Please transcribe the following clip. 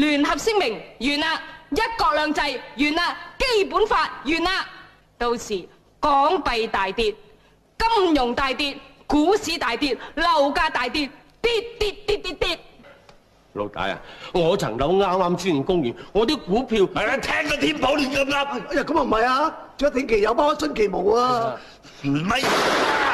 聯合聲明完啦，一國兩制完啦，基本法完啦，到時港幣大跌，金融大跌，股市大跌，樓價大跌，跌跌跌跌跌。老大啊，我層樓啱啱先供完，我啲股票係啊，聽個天保亂咁跌，哎呀，咁又唔係啊，咗定期有，包咗新期冇啊，唔係。